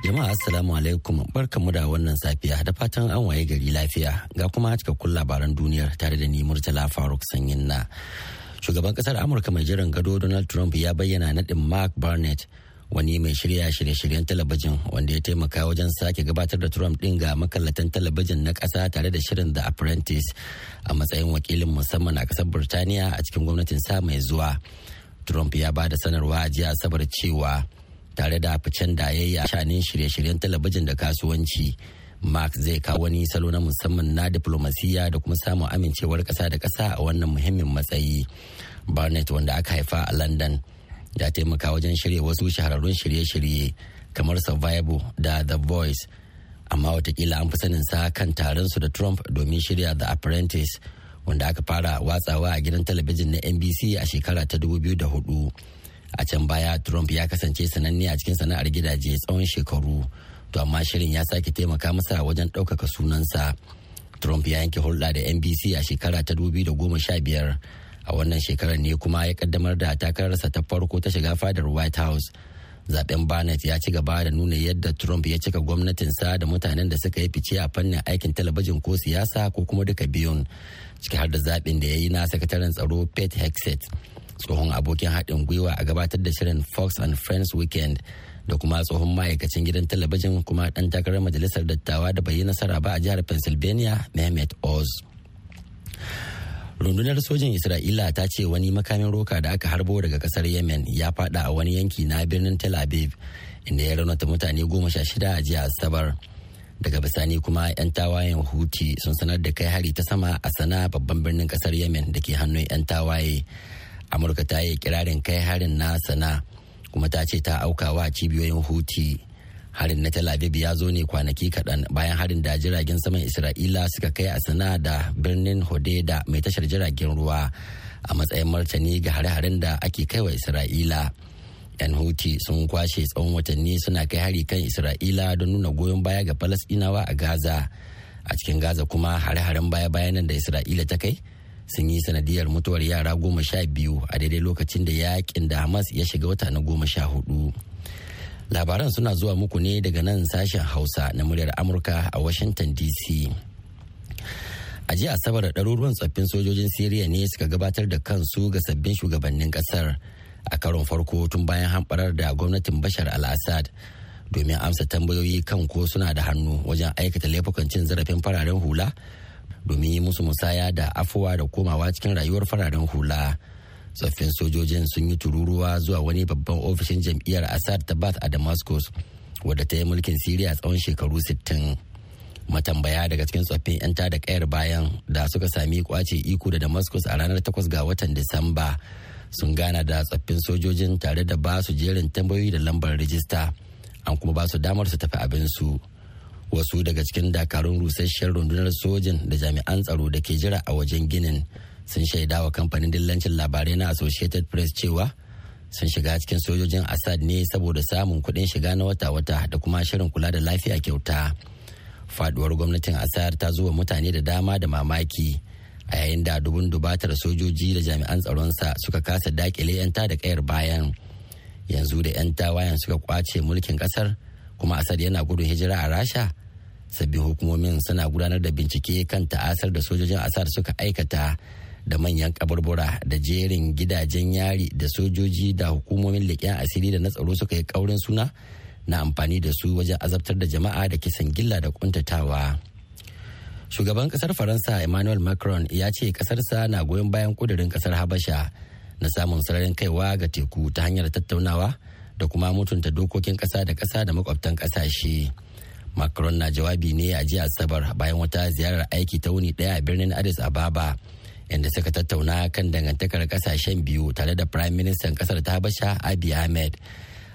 Jama'a Assalamu alaikum barkamu da wannan safiya da fatan an waye gari lafiya ga kuma cikakkun labaran duniyar tare da ni Murtala Faruk Sanyin na. Shugaban kasar Amurka mai jiran gado Donald Trump ya bayyana naɗin Mark Barnett wani mai shirya shirye-shiryen talabijin wanda ya taimaka wajen sake gabatar da Trump ɗin ga makallatan talabijin na ƙasa tare da shirin The Apprentice a matsayin wakilin musamman a ƙasar Burtaniya a cikin gwamnatin sa mai zuwa. Trump ya ba da sanarwa a jiya Asabar cewa tare da ficen da ya yi a shanin shirye-shiryen talabijin da kasuwanci mark zai kawo wani salo na musamman na diplomasiya da kuma samun amincewar kasa da kasa a wannan muhimmin matsayi barnett wanda aka haifa a london ya taimaka wajen shirya wasu shahararrun shirye-shirye kamar survival da the voice amma watakila an fi sanin sa kan taron su da trump domin shirya the apprentice wanda aka fara watsawa a gidan talabijin na nbc a shekara ta 2004 a can baya trump ya kasance sananne a cikin sana'ar gidaje tsawon shekaru to amma shirin ya sake taimaka masa wajen ɗaukaka sunansa trump ya yanke hulɗa da nbc a shekara ta goma sha biyar a wannan shekarar ne kuma ya kaddamar da takararsa ta farko ta shiga fadar white house zaben barnett ya ci gaba da nuna yadda trump ya cika gwamnatinsa da mutanen da suka yi fice a fannin aikin talabijin ko siyasa ko kuma duka biyun ciki har da zaɓin da ya yi na sakataren tsaro pete hexet tsohon abokin haɗin gwiwa a gabatar da shirin fox and friends weekend da kuma tsohon ma'aikacin gidan talabijin kuma ɗan takarar majalisar dattawa da bai yi nasara ba a jihar pennsylvania mehmet oz rundunar sojin isra'ila ta ce wani makamin roka da aka harbo daga kasar yemen ya fada a wani yanki na birnin tel aviv inda ya raunata mutane goma sha shida a jiya asabar daga bisani kuma 'yan tawayen huti sun sanar da kai hari ta sama a sana babban birnin kasar yemen da ke hannun 'yan tawaye amurka ta yi kirarin kai harin na sana kuma ta ce ta auka wa cibiyoyin huti harin na tel aviv ya zo ne kwanaki kaɗan bayan harin da jiragen saman isra'ila suka kai a sana da birnin hodeda mai tashar jiragen ruwa a matsayin martani ga hare-haren da ake kai wa isra'ila yan huti sun kwashe tsawon watanni suna kai hari kan isra'ila don nuna goyon baya ga falasɗinawa a gaza a cikin gaza kuma hare-haren baya-bayan da isra'ila ta kai sun yi sanadiyar mutuwar yara goma sha biyu a daidai lokacin da yakin da hamas ya shiga wata na goma sha hudu labaran suna zuwa muku ne daga nan sashen hausa na muryar amurka a washington dc a jiya asabar ɗaruruwan tsoffin sojojin siriya ne suka gabatar da kansu ga sabbin shugabannin ƙasar a karon farko tun bayan hamɓarar da gwamnatin bashar al-assad domin amsa tambayoyi kan ko suna da hannu wajen aikata laifukan cin zarafin fararen hula domin yi musu musaya da afuwa da komawa cikin rayuwar fararen hula tsoffin sojojin sun yi tururuwa zuwa wani babban ofishin jam'iyyar assad ta bath a damascus wadda ta yi mulkin siriya tsawon shekaru 60 matambaya daga cikin tsoffin 'yan da kayar bayan da suka sami kwace iko da damascus a ranar 8 ga watan disamba sun gana da tsoffin sojojin tare da ba su jerin tambayoyi da lambar rijista an kuma ba su damar su tafi abinsu. su wasu daga cikin dakarun rusasshen rundunar sojin da jami'an tsaro da ke jira a wajen ginin sun shaida wa kamfanin dillancin labarai na associated press cewa sun shiga cikin sojojin assad ne saboda samun kuɗin shiga na wata-wata da kuma shirin kula da lafiya kyauta faduwar gwamnatin assad ta zuwa mutane da dama da mamaki a yayin da dubun dubatar sojoji da jami'an tsaronsa suka kasa dakile 'yanta da kayar bayan yanzu da 'yan tawayen suka kwace mulkin kasar kuma assad yana gudun hijira a rasha sabbin hukumomin suna gudanar da bincike kan ta'asar da sojojin asar suka aikata da manyan kaburbura da jerin gidajen yari da sojoji da hukumomin leƙen asiri da na tsaro suka yi ƙaurin suna na amfani da su wajen azabtar da jama'a da kisan gilla da kuntatawa. Shugaban kasar Faransa Emmanuel Macron ya ce kasarsa na goyon bayan kudirin kasar Habasha na samun sararin kaiwa ga teku ta hanyar tattaunawa da kuma mutunta dokokin kasa da kasa da makwabtan kasashe. macron na jawabi ne a jiya asabar bayan wata ziyarar aiki ta wuni daya a birnin addis ababa inda suka tattauna kan dangantakar kasashen biyu tare da prime minister kasar ta habasha abi ahmed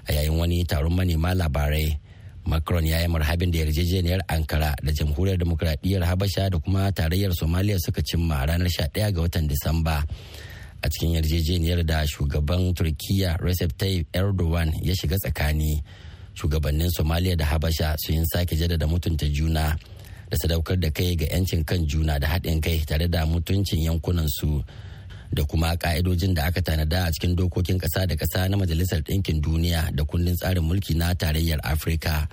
a yayin wani taron manema labarai macron ya yi marhabin da yarjejeniyar ankara da jamhuriyar demokradiyyar habasha da kuma tarayyar somaliya suka cimma ranar 11 ga watan disamba a cikin yarjejeniyar da shugaban turkiya recep tayyip erdogan ya shiga tsakani shugabannin somaliya da habasha sun sake jaddada mutunta juna da sadaukar da kai ga 'yancin kan juna da haɗin kai tare da mutuncin yankunansu da kuma ƙa'idojin da aka tanada a cikin dokokin kasa da ƙasa na majalisar ɗinkin duniya da kundin tsarin mulki na tarayyar afirka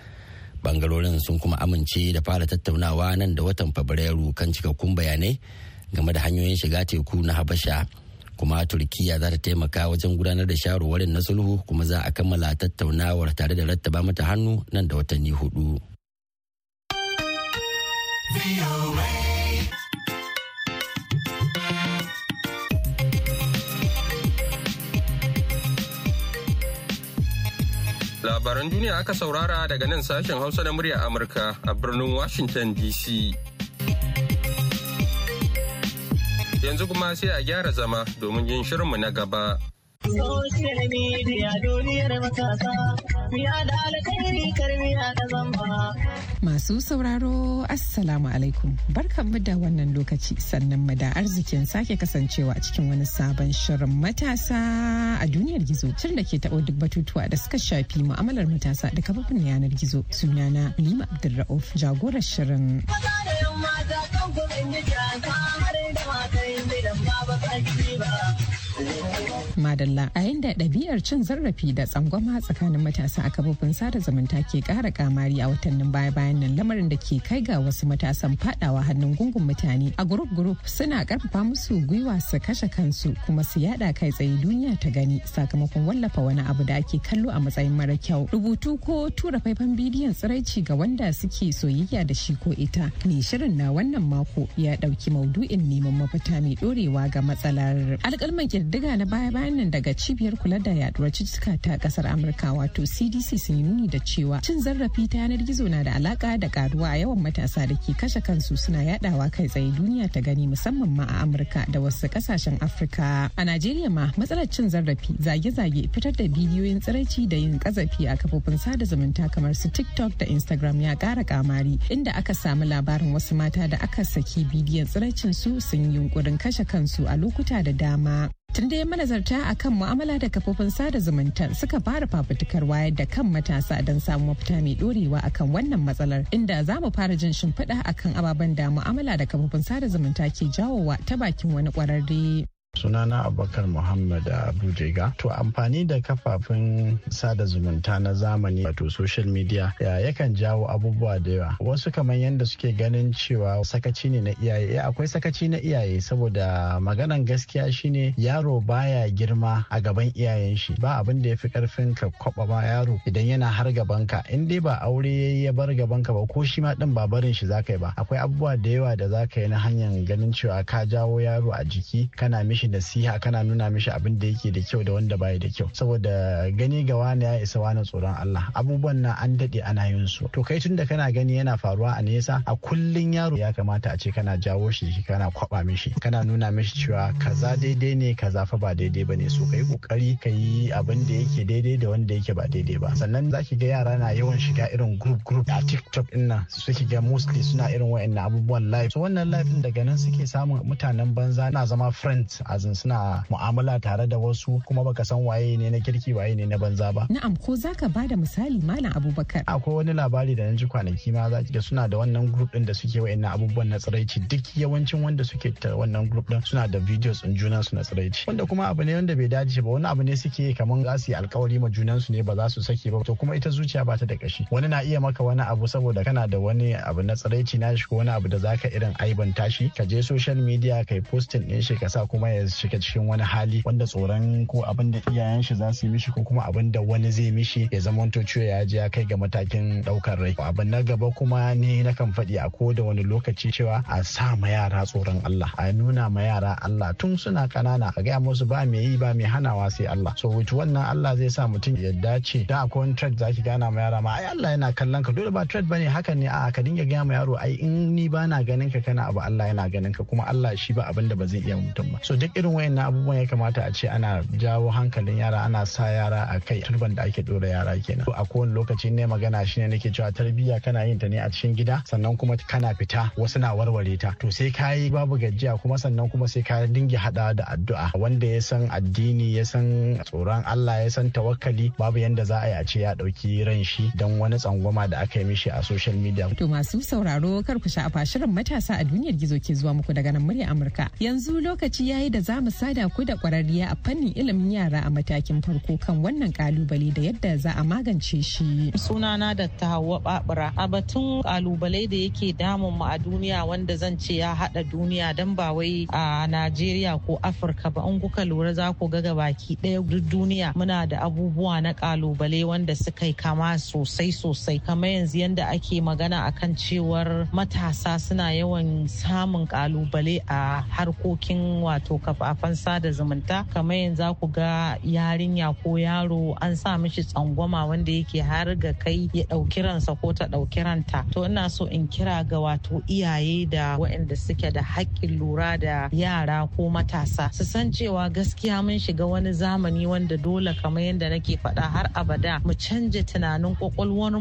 bangarorin sun kuma amince da fara tattaunawa nan da watan fabrairu kan cikakkun bayanai game da hanyoyin shiga teku na habasha kuma turkiya za ta taimaka wajen gudanar da shawarwarin na sulhu kuma za a kammala tattaunawar tare da rattaba mata hannu nan da watanni hudu labaran duniya aka saurara daga nan sashen hausa na murya amurka a birnin washington dc Yanzu kuma sai a gyara zama domin yin shirinmu na gaba. Social media duniyar matasa, da alkhairi da zamba. Masu sauraro Assalamu alaikum barkanmu da wannan lokaci sannan mu da arzikin sake kasancewa cikin wani sabon shirin matasa a duniyar gizo tun da ke taɓo duk batutuwa da suka shafi mu'amalar matasa da kafafin yanar gizo sunana Lima Abdulra'uf jagorar shirin. madalla a inda ɗabi'ar cin zarrafi da tsangwama tsakanin matasa a kafofin sada zumunta ke kara kamari a watannin baya-bayan nan lamarin da ke kai ga wasu matasan fadawa hannun gungun mutane a gurup gurup suna karfafa musu gwiwa su kashe kansu kuma su yada kai tsaye duniya ta gani sakamakon wallafa wani abu da ake kallo a matsayin mara kyau rubutu ko tura faifan bidiyon tsiraici ga wanda suke soyayya da shi ko ita ne shirin na wannan mako ya ɗauki maudu'in neman mafita mai ɗorewa ga matsalar alƙalman ƙirdiga na baya-bayan wannan daga cibiyar kula da yaduwar cututtuka ta kasar amurka wato cdc sun yi nuni da cewa cin zarafi ta yanar gizo na da alaka da karuwa a yawan matasa da ke kashe kansu suna yadawa kai tsaye duniya ta gani musamman ma a amurka da wasu kasashen afirka a najeriya ma matsalar cin zarafi zage-zage fitar da bidiyoyin tsiraici da yin kazafi a kafofin sada zumunta kamar su tiktok da instagram ya kara kamari inda aka samu labarin wasu mata da aka saki bidiyon tsiraicin su sun yunkurin kashe kansu a lokuta da dama tun da manazarta a kan mu'amala da kafofin sada zumunta suka fara fafutukar wayar da kan matasa don samun mafita mai dorewa akan wannan matsalar inda za mu fara jin shimfiɗa akan ababen da mu'amala da kafofin sada zumunta ke jawowa ta bakin wani kwararre. sunana abubakar muhammad abujega to amfani da kafafen sada zumunta na zamani wato social media ya yakan jawo abubuwa da yawa wasu kamar yadda suke ganin cewa sakaci ne na iyaye eh, akwai sakaci na iyaye saboda maganan gaskiya shine yaro baya girma a gaban iyayen shi ba abin da ya fi karfin ka kwaba ma yaro idan yana har gaban ka in dai ba aure ya bar gaban ka ba ko shi ma din ba barin shi zaka yi ba akwai abubuwa da yawa da zaka yi na hanyar ganin cewa ka jawo yaro a jiki kana mishi mishi nasiha kana nuna mishi abin da yake da kyau da wanda baya da kyau saboda gani ga wani ya isa wani tsoron Allah abubuwan na, an dade ana yin su to kai tunda da kana gani yana faruwa a nesa a kullun yaro ya kamata a ce kana jawo shi kana kwaba mishi kana nuna mishi cewa kaza daidai ne kaza fa ba daidai bane so kai kokari ka yi abin da yake daidai da wanda yake ba daidai ba sannan zaki ga yara na yawan shiga irin group group a TikTok din nan suke ga mostly suna irin wa'annan abubuwan live so wannan live din daga nan suke samun mutanen banza na zama friends azin suna mu'amala tare da wasu kuma baka san waye ne na kirki waye ne na banza ba na'am ko zaka bada misali malam abubakar akwai wani labari da na ji kwanaki ma za da suna da wannan group din da suke wayannan abubuwan na tsiraici duk yawancin wanda suke ta wannan group din suna da videos din junan su na tsiraici wanda kuma abu ne wanda bai dace ba wani abu ne suke kamar za su yi alkawari ma junan su ne ba za su sake ba to kuma ita zuciya ba ta da kashi wani na iya maka wani abu saboda kana da wani abu na tsiraici na shi ko wani abu da zaka irin aibanta shi ka je social media kai posting din shi ka sa kuma ya suke cikin wani hali wanda tsoron ko abin da iyayen shi za su yi mishi ko kuma abin da wani zai mishi ya zama to ciwo ya je ya kai ga matakin ɗaukar rai abin na gaba kuma ni kan faɗi a ko da wani lokaci cewa a sa ma yara tsoron Allah a nuna ma yara Allah tun suna kanana a gaya musu ba mai yi ba mai hanawa sai Allah so wuce wannan Allah zai sa mutum ya dace da akwai wani za zaki gana ma yara ma ai Allah yana kallon ka dole ba trade bane haka ne a ka dinga gaya ma yaro ai in ni ba na ganin ka kana abu Allah yana ganin ka kuma Allah shi ba abin da ba zai iya mutum ba so irin na abubuwan ya kamata a ce ana jawo hankalin yara ana sa yara a kai turban da ake dora yara kenan a kowane lokaci ne magana shi ne nake cewa tarbiyya kana yin ta ne a cikin gida sannan kuma kana fita wasu na warware ta to sai ka yi babu gajiya kuma sannan kuma sai ka dinga hada da addu'a wanda ya san addini ya san tsoron Allah ya san tawakkali babu yanda za a yi a ce ya ɗauki ran shi dan wani tsangwama da aka yi mishi a social media to masu sauraro kar ku sha shirin matasa a duniyar gizo ke zuwa muku daga nan murya Amurka yanzu lokaci yayi da za mu sada ku da kwararriya a fannin ilimin yara a matakin farko kan wannan kalubale da yadda za a magance shi. Sunana da ta hawa babura a batun kalubale da yake damun mu a duniya wanda zan ce ya hada duniya dan ba wai a Najeriya ko Afirka ba in kuka lura za ku ga gabaki ɗaya duk duniya muna da abubuwa na kalubale wanda suka yi kama sosai sosai kamar yanzu yanda ake magana akan cewar matasa suna yawan samun kalubale a harkokin wato kafafen sada zumunta kamar yanzu ku ga yarinya ko yaro an sa mishi tsangwama wanda yake har ga kai ya ɗauki ransa ko ta ɗauki ranta to ina so in kira ga wato iyaye da waɗanda suke da haƙƙin lura da yara ko matasa su san cewa gaskiya mun shiga wani zamani wanda dole kamar yadda nake faɗa har abada mu canja tunanin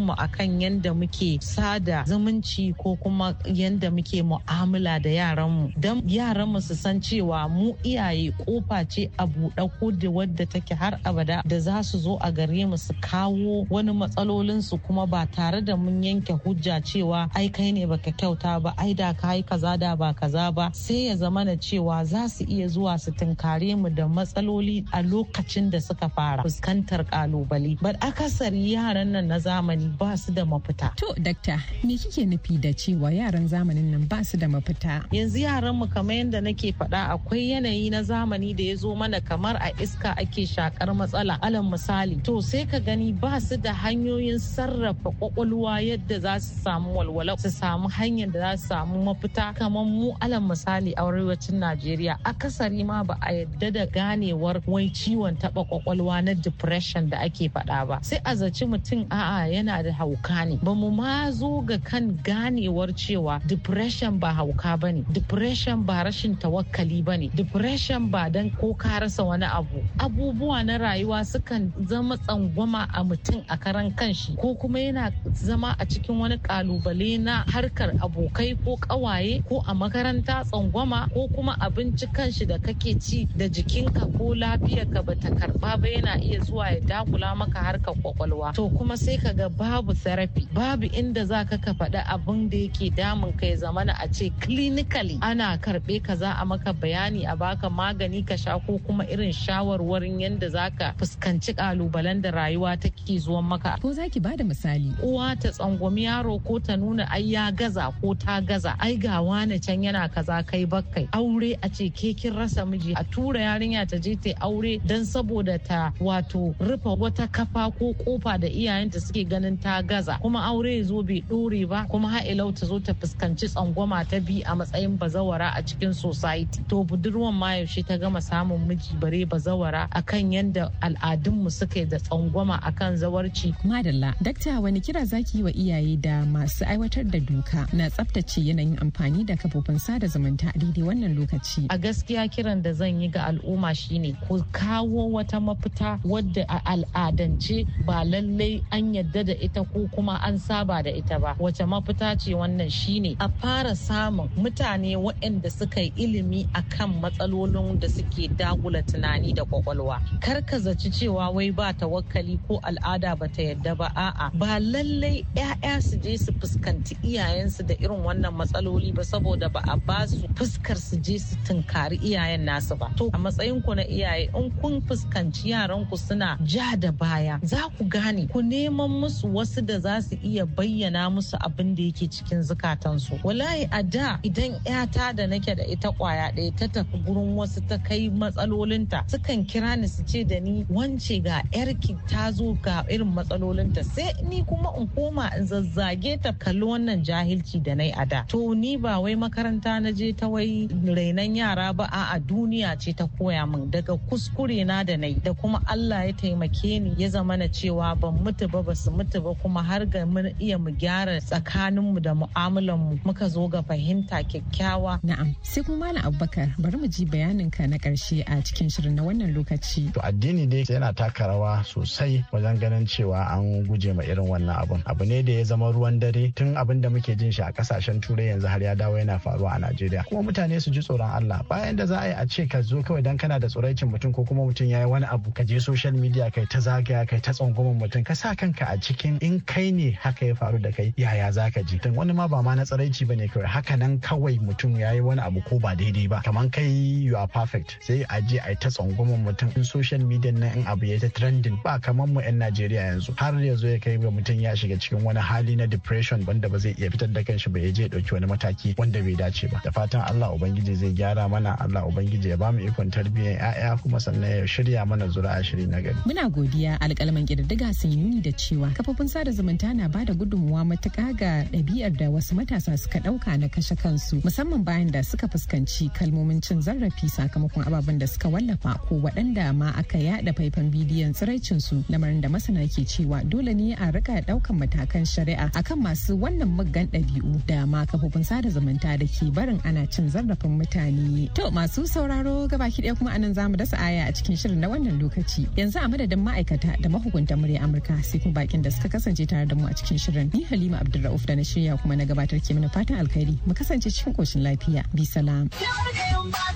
mu akan yadda muke sada zumunci ko kuma yadda muke mu'amala da yaranmu don yaranmu su san cewa mu mu iyaye kofa ce a buɗe ko da wadda take har abada da za su zo a gare mu su kawo wani matsalolin su kuma ba tare da mun yanke hujja cewa ai kai ne baka kyauta ba ai da ka yi kaza da ba kaza ba sai ya zama na cewa za su iya zuwa su tunkare mu da matsaloli a lokacin da suka fara fuskantar kalubale ba akasari yaran nan na zamani ba su da mafita to dakta me kike nufi da cewa yaran zamanin nan ba su da mafita yanzu yaran mu kamar yadda nake faɗa akwai yanayi na zamani da ya zo mana kamar a iska ake shakar matsala alal misali to sai ka gani ba su da hanyoyin sarrafa kwakwalwa yadda za su samu walwala su samu hanyar da za su samu mafita kamar mu alal misali a arewacin najeriya akasari ma ba a yadda da ganewar wai ciwon taba kwakwalwa na depression da ake faɗa ba sai a zaci mutum a'a yana da hauka ne ba mu ma zo ga kan ganewar cewa depression ba hauka ba ne depression ba rashin tawakkali ba ne depression ba don ko ka rasa wani abu abubuwa na rayuwa sukan zama tsangwama a mutum a karan kanshi ko kuma yana zama a cikin wani kalubale na harkar abokai ko kawaye ko a makaranta tsangwama ko kuma abinci kanshi da kake ci da jikinka ko lafiyarka ba ta karba ba yana iya zuwa ya dakula maka harkar kwakwalwa to kuma sai ka ga babu sarafi. babu inda za ka ka faɗi abin da yake damun ka ya zamana a ce clinically ana karɓe ka za a maka bayani a baka magani ka sha ko kuma irin shawarwarin yadda za ka fuskanci kalubalen da rayuwa take zuwan maka ko zaki bada misali uwa ta tsangwami yaro ko ta nuna ai ya gaza ko ta gaza ai ga wani can yana kaza kai bakkai aure a ce ke kin rasa miji a tura yarinya ta je ta aure dan saboda ta wato rufe wata kafa ko kofa da iyayenta suke ganin ta gaza kuma aure zo bai ɗore ba kuma ha'ilau ta zo ta fuskanci tsangwama ta bi a matsayin bazawara a cikin society to budurwa musamman ma yaushe ta gama samun miji bare bazawara akan yadda al'adunmu suke da tsangwama akan zawarci. Madalla, dakta wani kira zaki yi wa iyaye da masu aiwatar da doka na tsaftace yanayin amfani da kafofin sada zumunta a daidai wannan lokaci. A gaskiya kiran da zan yi ga al'umma shine ku kawo wata mafita wadda a al'adance ba lallai an yadda da ita ko kuma an saba da ita ba. Wace mafita ce wannan shine a fara samun mutane waɗanda suka yi ilimi akan matsalar matsalolin da suke dagula tunani da kwakwalwa kar ka zaci cewa wai ba tawakkali ko al'ada ba ta yadda ba a'a ba lallai 'ya'ya su je su fuskanci iyayensu da irin wannan matsaloli ba saboda ba a ba su fuskar su je su tunkari iyayen nasu ba to a matsayin ku na iyaye in kun fuskanci yaran ku suna ja da baya za ku gane ku neman musu wasu da za su iya bayyana musu abin da yake cikin zukatansu wallahi a da idan 'yata da nake da ita kwaya ɗaya ta tafi gurin wasu ta kai matsalolinta sukan kira ni su ce da ni wance ga yarki ta zo ga irin matsalolinta sai ni kuma in koma in zazzage ta kalli wannan jahilci da na a da to ni ba wai makaranta na je ta wai rainan yara ba a duniya ce ta koya min daga kuskure na da nai da kuma Allah ya taimake ni ya zama na cewa ban mutu ba ba su mutu ba kuma har ga mun iya mu gyara tsakaninmu da mu'amalanmu muka zo ga fahimta kyakkyawa na'am sai kuma malam abubakar bari mu ji bayanin ka na karshe a cikin shirin na wannan lokaci. To addini dai yana taka rawa sosai wajen ganin cewa an guje ma irin wannan abun. Abu ne da ya zama ruwan dare tun abin da muke jin shi a kasashen turai yanzu har ya dawo yana faruwa a Najeriya. Kuma mutane su ji tsoron Allah bayan da za a yi a ce ka zo kawai dan kana da tsoraicin mutum ko kuma mutum ya yi wani abu ka je social media kai ta zagaya kai ta tsangwamin mutum ka sa kanka a cikin in kai ne haka ya faru da kai yaya za ka ji. Wani ma ba ma na tsaraici ba ne kawai haka nan kawai mutum ya yi wani abu ko ba daidai ba kamar kai you are perfect sai a je a ta tsangwamar mutum in social media na in abu ya ta trending ba kamar mu yan Najeriya yanzu har yanzu ya kai ga mutum ya shiga cikin wani hali na depression wanda ba zai iya fitar da kanshi ba ya je dauki wani mataki wanda bai dace ba da fatan Allah ubangiji zai gyara mana Allah ubangiji ya bamu ikon tarbiyyar ya'ya kuma sannan ya shirya mana zuri'a shiri na gari muna godiya alƙalman ƙididdiga sun yi da cewa kafofin sada zumunta na ba da gudunmuwa matuƙa ga ɗabi'ar da wasu matasa suka ɗauka na kashe kansu musamman bayan da suka fuskanci kalmomin cin zarrafi sakamakon ababen da suka wallafa ko waɗanda ma aka yada faifan bidiyon tsiraicin su lamarin da masana ke cewa dole ne a rika daukan matakan shari'a akan masu wannan muggan ɗabi'u da ma kafofin sada zumunta da ke barin ana cin zarrafin mutane. To masu sauraro gabaki ɗaya kuma anan zamu dasa aya a cikin shirin na wannan lokaci. Yanzu a madadin ma'aikata da mahukuntan murya Amurka sai kuma bakin da suka kasance tare da mu a cikin shirin. Ni Halima Abdulrauf da na shirya kuma na gabatar ke mana fatan alkhairi mu kasance cikin koshin lafiya. Bi salam.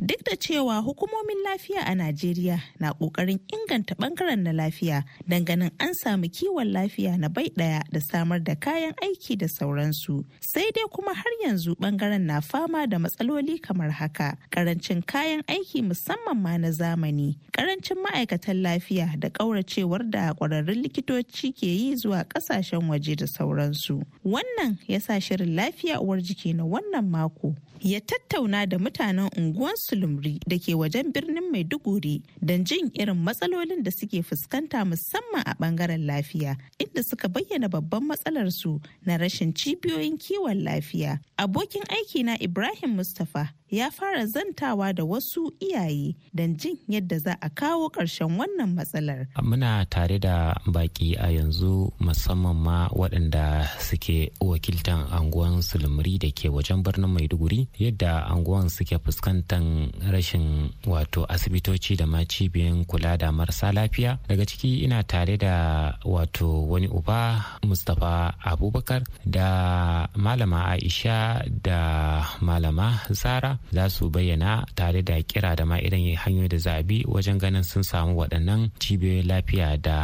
Duk da cewa hukumomin lafiya a Najeriya na ƙoƙarin inganta ɓangaren na lafiya ganin an samu kiwon lafiya na bai ɗaya da samar da kayan aiki da sauransu. Sai dai kuma har yanzu ɓangaren na fama da matsaloli kamar haka. Karancin kayan aiki musamman ma na zamani, karancin ma'aikatan lafiya da ƙauracewar da ƙwararrun likitoci ke yi zuwa ƙasashen waje da sauransu. Wannan ya sa shirin lafiya uwar jiki na wannan mako ya tattauna da mutanen unguwansu Salisu Lumri da ke wajen birnin Maiduguri don jin irin matsalolin da suke fuskanta musamman a bangaren lafiya inda suka bayyana babban matsalarsu na rashin cibiyoyin kiwon lafiya. Abokin aiki na Ibrahim Mustapha ya fara zantawa da wasu iyaye don jin yadda za a kawo ƙarshen wannan matsalar. Muna tare da baƙi a yanzu musamman ma waɗanda suke wakiltan anguwan sulmuri da ke wajen birnin Maiduguri yadda anguwan suke fuskantan rashin wato asibitoci da ma cibiyoyin kula da marasa lafiya. Daga ciki ina tare da wato wani uba Mustapha Abubakar da malama Aisha da malama Zara za su bayyana tare da kira da ma irin hanyoyi da zabi wajen ganin sun samu waɗannan cibiyoyin lafiya da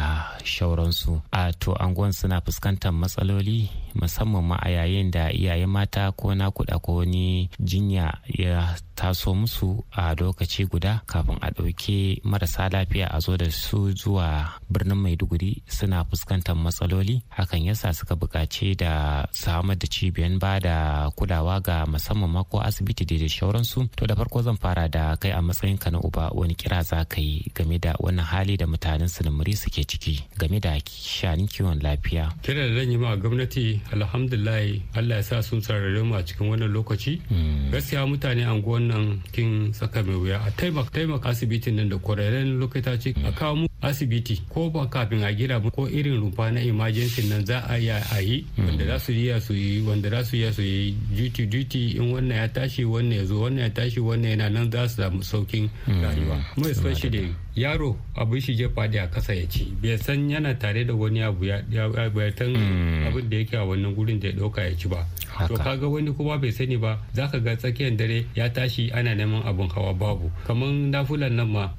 shauransu a to anguwan suna fuskantar matsaloli musamman ma a yayin da iyayen mata ko nakuda ko wani jinya ya taso musu a lokaci guda kafin a ɗauke marasa lafiya a zo da su zuwa birnin maiduguri suna fuskantar matsaloli hakan yasa suka buƙaci da samar da cibiyan ba da kulawa ga musamman ma ko asibiti da shauransu to da farko zan fara da kai a matsayin ka na uba wani kira za ka yi game da wannan hali da mutanen sinimiri suke ciki game da shanin kiwon lafiya kira da zan yi ma gwamnati alhamdulillah allah ya sa sun sararri mu a cikin wannan lokaci hmm. gaskiya mutane anguwan nan kin saka mai wuya a taimaka asibitin nan da kwararren lokaci a kawo mu asibiti ko ba kafin a gida ko irin rumfa na emergency nan za a yi a yi hmm. wanda za su yi wanda za su iya su yi duty duty in wannan ya tashi wannan ya yanzu wannan ya tashi wannan yana nan za su samu saukin mm. rayuwa mu especially yaro abin shi je a kasa ya ci bai san yana tare da wani abu ya tan hmm. abin da yake a wannan gurin da ya ɗauka ya ci ba to kaga wani kuma bai sani ba za ka ga tsakiyar dare ya tashi ana neman abin hawa babu kamar nafulan nan ma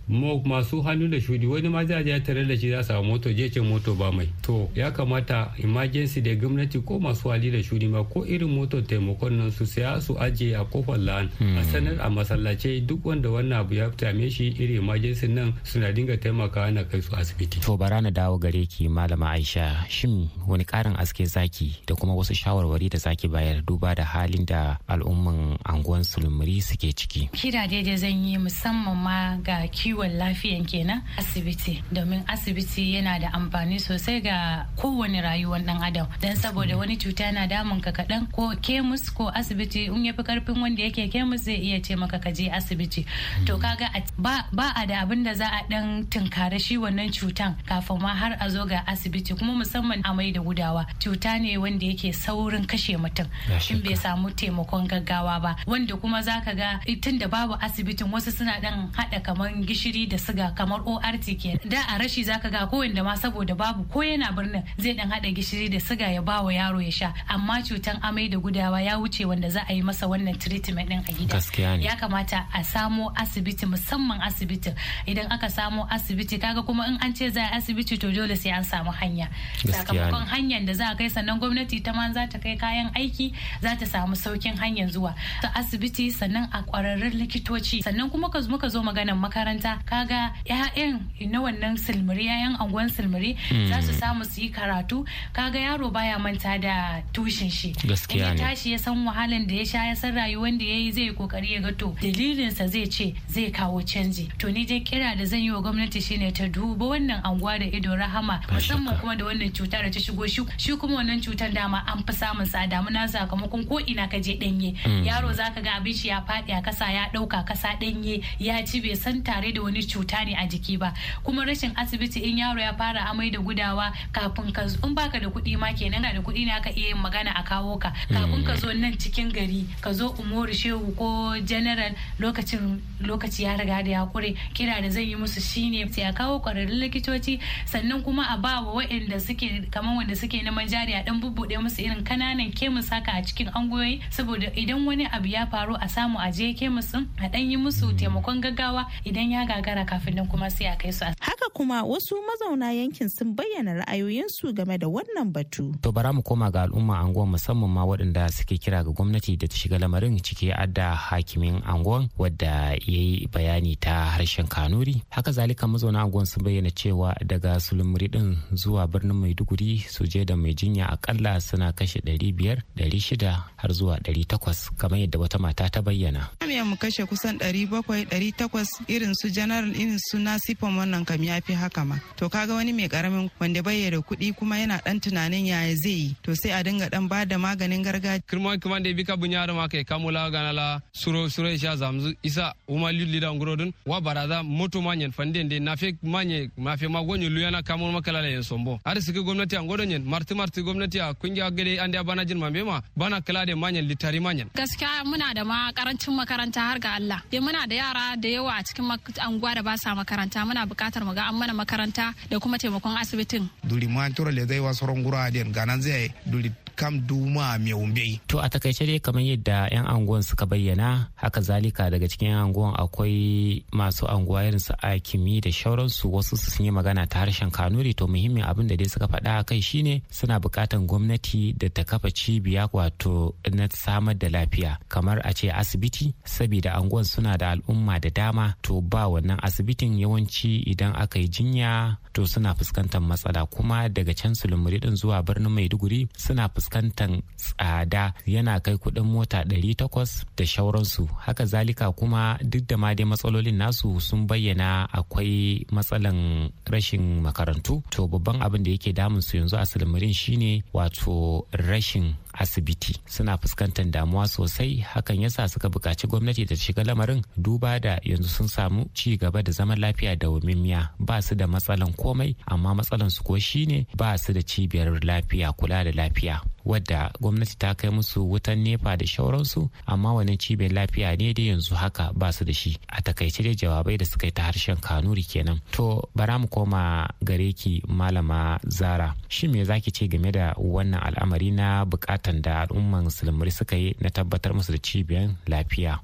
masu hannu da shudi wani ma za ya tare da shi za samu moto je ce moto ba mai to ya kamata emergency da gwamnati ko masu hali da shudi ma ko irin moto taimakon nan su saya su ajiye a kofar la'an a hmm. sanar a masallace duk wanda wannan abu ya same shi irin emergency nan suna dinga taimakawa na kai su asibiti. To bara na dawo gare ki malama Aisha shin wani karin aske zaki da kuma wasu shawarwari da zaki bayar duba da halin da al'umman anguwan sulmuri suke ciki. Kira daidai zan yi musamman ma ga kiwon lafiyan kenan asibiti domin asibiti yana da amfani sosai ga kowane rayuwar dan adam dan saboda wani cuta na damun ka kaɗan ko kemus ko asibiti in ya fi karfin wanda yake kemus zai iya ce maka ka je asibiti to kaga ba a da abin da za a ɗan tunkari shi wannan cutan kafin ma har a zo ga asibiti kuma musamman amai da gudawa cuta ne wanda yake saurin kashe mutum in bai samu taimakon gaggawa ba wanda kuma ka ga tun da babu asibitin wasu suna ɗan haɗa kamar gishiri da siga kamar ORT ke da a rashi ka ga ko ma saboda babu ko yana birnin zai ɗan haɗa gishiri da siga ya bawa yaro ya sha amma cutan amai da gudawa ya wuce wanda za a yi masa wannan treatment din a gida ya kamata a samo asibiti musamman asibitin idan aka aka samo asibiti kaga kuma in an ce za a asibiti to dole sai an samu hanya sakamakon hanyar da za a kai sannan gwamnati ta ma za ta kai kayan aiki za ta samu saukin hanyar zuwa ta asibiti sannan a kwararrun likitoci sannan kuma ka muka zo maganan makaranta kaga ƴaƴan na wannan silmiri ƴaƴan anguwan silmiri mm. za su samu su yi karatu kaga yaro baya manta da tushen shi ya tashi ya san wahalan da ya sha ya san rayuwar da ya yi zai kokari ya ga to dalilinsa zai ce zai kawo canji to ni dai kira da zan yi wa gwamnati shine ta duba wannan anguwa da ido rahama musamman kuma da wannan cuta da ta shigo shi kuma wannan cutar dama an fi samun sa damuna sakamakon ko ina ka je danye mm. yaro zaka ga abin shi ya faɗi a kasa ya ɗauka kasa danye ya ci bai san tare da wani cuta ne a jiki ba kuma rashin asibiti in yaro ya fara amai da gudawa kafin ka in baka da kuɗi ma kenan da kuɗi ne aka iya yin magana a kawo ka mm. kafin ka zo nan cikin gari ka zo umori shehu ko general lokacin lokaci ya riga da ya kure kira da zan yi musu shine sai a kawo kwararrun likitoci sannan kuma a ba wa waɗanda suke kamar wanda suke neman jari a dan bubbuɗe musu irin kananan kemis haka a cikin angoyoyi saboda idan wani abu ya faru a samu a je kemis a dan yi musu taimakon gaggawa idan ya gagara kafin nan kuma sai a kai su haka kuma wasu mazauna yankin sun bayyana ra'ayoyinsu game da wannan batu to bara mu koma ga al'umma anguwan musamman ma waɗanda suke kira ga gwamnati da ta shiga lamarin ciki adda hakimin anguwan wadda ya yi bayani ta harshen kanuri haka zalika mazauna unguwan sun bayyana cewa daga sulmuri din zuwa birnin maiduguri su je da mai jinya akalla suna kashe 500 600 har zuwa 800 kamar yadda wata mata ta bayyana kamiyar mu kashe kusan 700 800 irin su general irin su nasifan wannan kam ya fi haka ma to kaga wani mai karamin wanda bai kuɗi kuma yana dan tunanin yaya zai yi to sai a dinga dan ba da maganin gargajiya kirma kuma da bika bunya da ma kai kamula ganala suro suro zamzu isa umali ngurodun wa baraza moto ma nyen fanden de na fe manye ma fe ma gonyo luyana kamun makala la yen sombo ar sigi gwamnati an godo marti marti gwamnati a kungiya gade ande bana jin mambe ma bana kala de manyen litari manyen gaskiya muna da ma karancin makaranta har ga Allah de muna da yara da yawa a cikin anguwa da ba sa makaranta muna bukatar mu ga an mana makaranta da kuma taimakon asibitin duri ma toro le zai wasu rongura den ganan zai duri kam duma mai to a takaice dai kamar yadda yan anguwan suka bayyana haka zalika daga cikin yan anguwan akwai masu anguwa irin su akimi da shauransu wasu sun yi magana ta harshen kanuri to muhimmin abin da dai suka faɗa kai shine suna buƙatan gwamnati da ta kafa cibiya wato na samar da lafiya kamar a ce asibiti saboda anguwan suna da al'umma da dama to ba wannan asibitin yawanci idan aka yi jinya to suna fuskantar matsala kuma daga can sulmuri din zuwa birnin maiduguri suna fuskantar fuskantar tsada yana kai kuɗin mota 800 da shauransu haka zalika kuma duk da ma dai matsalolin nasu sun bayyana akwai matsalan rashin makarantu to babban abin da yake damun su yanzu a shine wato rashin asibiti suna fuskantar damuwa sosai hakan yasa suka bukaci gwamnati ta shiga lamarin duba da yanzu sun samu ci gaba da zaman lafiya da wamimmiya ba su da matsalan komai amma matsalan su ko shine ba su da cibiyar lafiya kula da lafiya wadda gwamnati ta kai musu wutan nefa da shauransu amma wani cibiyar lafiya ne da yanzu haka ba su da shi a takaice da jawabai da suka yi ta harshen kanuri kenan to bara mu koma gare ki malama zara Shin me zaki ce game da wannan al'amari na bukatan da al'umman musulmai suka yi na tabbatar musu da cibiyar lafiya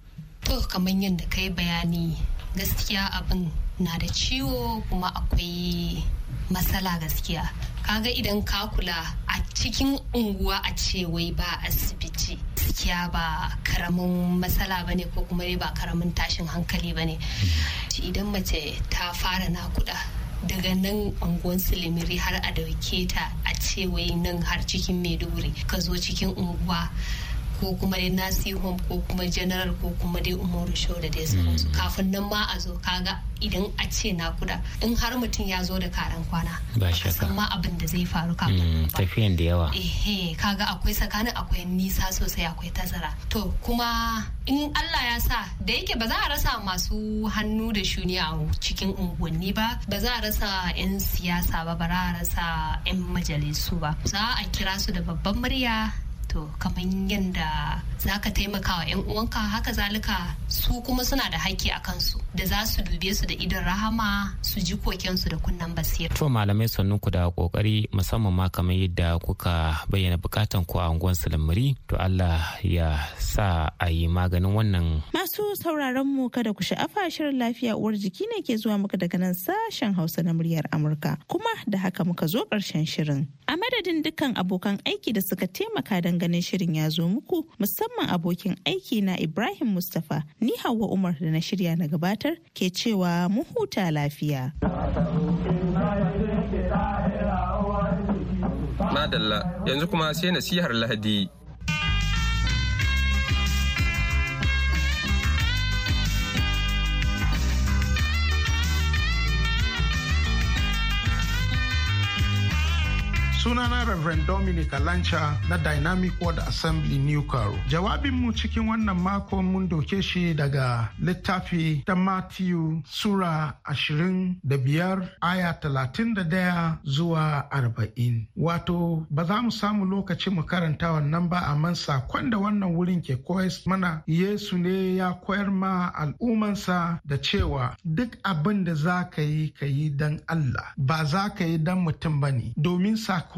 to kamar yadda kai bayani gaskiya abin na da ciwo kuma akwai matsala gaskiya kaga idan ka kula a cikin unguwa a ce wai ba asibiti gaskiya ba karamin matsala bane ko kuma ba karamin tashin hankali bane mm. idan mace ta fara nakuda daga nan unguwan silimiri har a dauke ta a ce wai nan har cikin maiduguri ka zo cikin unguwa ko kuma dai nasi ko kuma general ko kuma dai umaru show da dai sauransu hmm. kafin nan ma a zo kaga idan a ce nakuda in har mutum ya zo da karan kwana ba san ma abin da zai faru kafin hmm, tafiyan da yawa eh kaga akwai tsakanin akwai nisa sosai akwai tazara to kuma in Allah ya sa da yake ba za a rasa masu hannu da shuni a cikin unguwanni ba ba za a rasa 'yan siyasa ba ba za a rasa 'yan majalisu ba za a kira su da babban murya to kamar yadda za ka taimaka wa 'yan uwanka haka zalika su kuma suna da haƙƙi a kansu da za su dube su da idan rahama su ji kokensu da kunnen basira. to malamai sannu ku da kokari musamman ma kamar yadda kuka bayyana bukatan ku a unguwar sulmuri to allah ya sa a yi maganin wannan. masu sauraron mu kada ku sha'afa shirin lafiya uwar jiki ne ke zuwa muka daga nan sashen hausa na muryar amurka kuma da haka muka zo ƙarshen shirin a madadin dukkan abokan aiki da suka taimaka don ganin shirin ya zo muku musamman abokin aiki na Ibrahim Mustapha ni Hauwa Umar da na shirya na gabatar ke cewa mu huta lafiya. Madalla yanzu kuma sai nasihar Lahadi. Sunana Reverend Dominic Alancha na Dynamic World Assembly New Jawabin mu cikin wannan mako mun doke shi daga littafi ta Matthew Sura ashirin da biyar aya talatin da daya zuwa arba'in. Wato ba za mu samu lokaci mu karanta wannan ba amma sakon da wannan wurin ke koya mana Yesu ne ya koyar ma al'umansa da cewa duk abin da za ka yi ka yi don Allah ba za ka yi don mutum ba ne domin sakon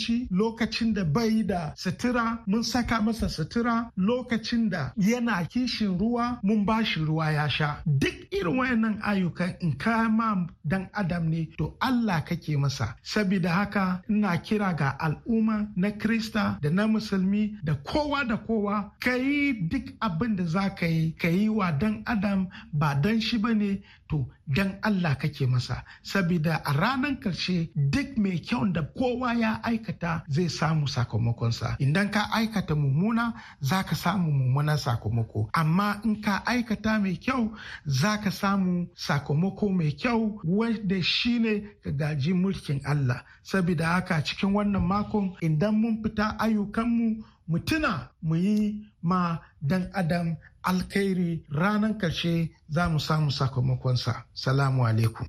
abinci lokacin da bai da sutura mun saka masa sutura lokacin da yana kishin ruwa mun ba shi ruwa ya sha duk irin wayannan ayyukan in kama dan adam ne to Allah kake masa saboda haka ina kira ga al'umma na krista da na musulmi da kowa da kowa ka yi duk abin da za ka yi ka yi wa dan adam ba dan shi ba ne. to dan Allah kake masa saboda a ranar karshe duk mai kyau da kowa ya aikata zai samu sakamakonsa idan ka aikata mummuna za ka samu mummunan sakamako amma in ka aikata mai kyau za ka samu sakamako mai kyau wanda shine ka gaji mulkin Allah saboda haka cikin wannan makon idan mun fita ayyukanmu mu tuna mu yi ma dan adam alkhairi ranar karshe za mu samu sakamakonsa salamu alaikum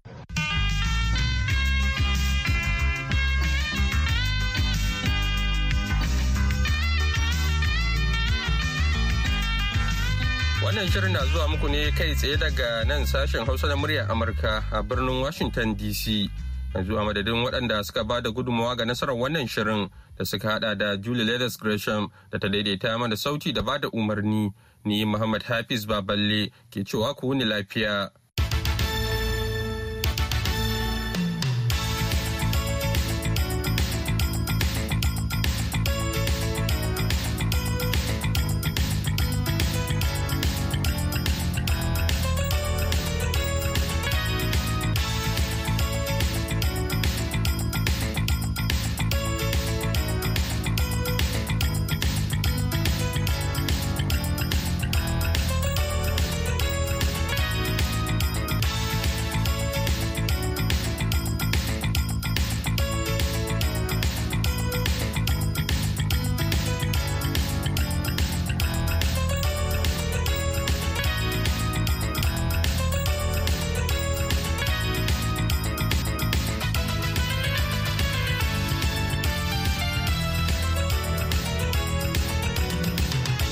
Wannan shirin na zuwa muku ne kai tsaye daga nan sashen Hausa na muryar Amurka a birnin Washington DC. Yanzu a madadin waɗanda suka ba da gudunmawa ga nasarar wannan shirin da suka hada da Julie Leathers Gresham da ta daidaita mana sauti da ba da umarni. Ni Muhammad Hafiz Baballe ke cewa ku wuni lafiya.